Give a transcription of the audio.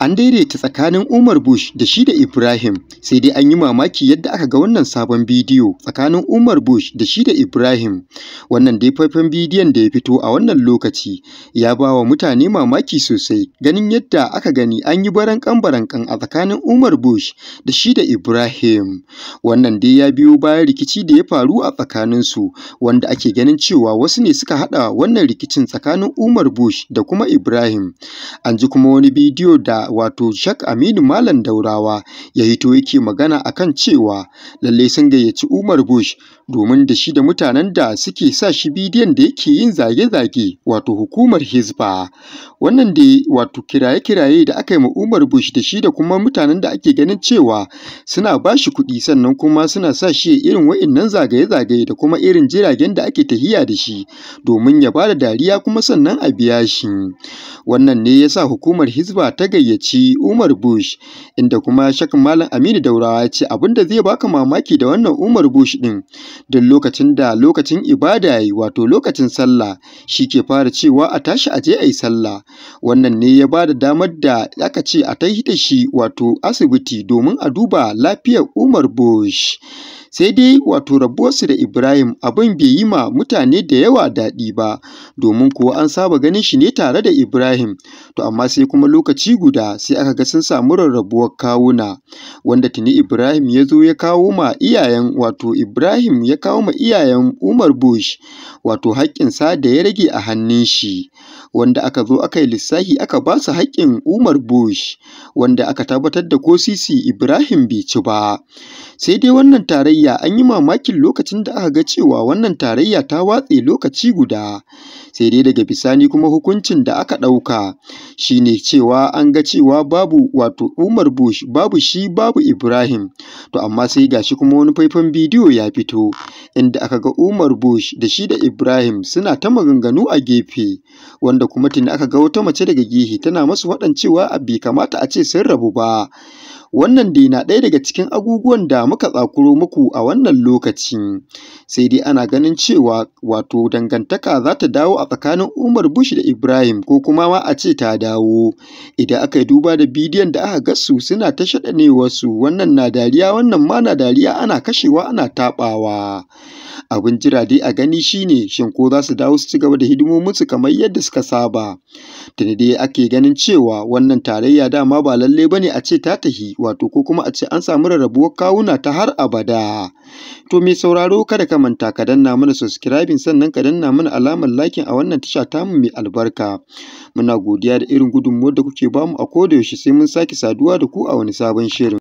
An daidaita tsakanin Umar Bush da shi da Ibrahim, sai dai an yi mamaki yadda aka ga wannan sabon bidiyo tsakanin Umar Bush da shi da Ibrahim. Wannan dai faifan bidiyon da ya fito a wannan lokaci ya ba wa mutane mamaki sosai ganin yadda aka gani an yi baran barankan kan a tsakanin Umar Bush da shi da Ibrahim. Wannan dai ya biyo bayan rikici da ya faru a tsakaninsu wanda ake ganin cewa wasu ne suka haɗa wannan rikicin tsakanin Umar Bush da kuma Ibrahim. An ji kuma wani bidiyo da wato Shak Aminu Malam Daurawa ya hito yake magana akan cewa lalle sun gayyaci Umar Bush domin da shi da mutanen da suke sa shi bidiyon da yake yin zage-zage wato hukumar Hizba wannan da wato kiraye-kiraye da aka yi ma Umar Bush da shi da kuma mutanen da ake ganin cewa suna ba shi kuɗi sannan kuma suna sa shi irin wa'innan zagaye-zagaye da kuma irin jiragen da ake tahiya da shi domin ya ba da dariya kuma sannan a biya shi wannan ne yasa hukumar Hizba ta gayyaci ci Umar Bush inda kuma Sheikh Malam Aminu Daurawa ya ce abinda zai baka mamaki da wannan Umar Bush din don lokacin da lokacin ibada yayi wato lokacin sallah shi ke fara cewa a tashi a je ayi sallah wannan ne ya bada damar da aka ce a tahi da shi wato asibiti domin a duba lafiyar Umar Bush sai dai wato rabuwarsu da ibrahim abin bai yi ma mutane da yawa daɗi ba domin kuwa an saba ganin shi ne tare da ibrahim to amma sai kuma lokaci guda sai aka ga sun samu rarrabuwar kawuna wanda tuni ibrahim ya zo ya kawo ma iyayen wato ibrahim ya kawo ma iyayen umar bush wato haƙƙinsa da ya rage a hannun shi wanda aka zo aka yi lissahi aka ba su haƙƙin Umar Bush wanda aka tabbatar da ko sisi Ibrahim bai ci ba. Sai dai wannan tarayya an yi mamakin lokacin da aka ga cewa wannan tarayya ta watse lokaci guda. Sai dai daga bisani kuma hukuncin da aka ɗauka shi ne cewa an ga cewa babu wato Umar Bush babu shi babu Ibrahim. To amma sai gashi kuma wani faifan bidiyo ya fito inda aka ga Umar Bush da shi da Ibrahim suna ta maganganu a gefe. wanda kuma tuni aka ga wata mace daga gihi tana masu faɗan cewa a bai kamata a ce sun rabu ba wannan dai na ɗaya daga cikin abubuwan da muka tsakuro muku a wannan lokacin. sai dai ana ganin cewa wato dangantaka za ta dawo a tsakanin umar bush da ibrahim ko kuma ma a ce ta dawo idan aka yi duba da bidiyon da aka gasu suna ta wasu wannan na dariya wannan ma na dariya ana kashewa ana taɓawa Abin jira a gani shine shin ko za su dawo su ci gaba da su kamar yadda suka saba. Tuni dai ake ganin cewa wannan tarayya dama ba lalle ba ne a ce ta tahi wato ko kuma a ce an samu rarrabuwar kawuna ta har abada. To mai sauraro kada ka manta ka danna mana subscribing sannan ka danna mana alamar lakin a wannan tasha tamu mai albarka. Muna godiya da irin gudunmuwar da kuke bamu a koda yaushe sai mun sake saduwa da ku a wani sabon shirin.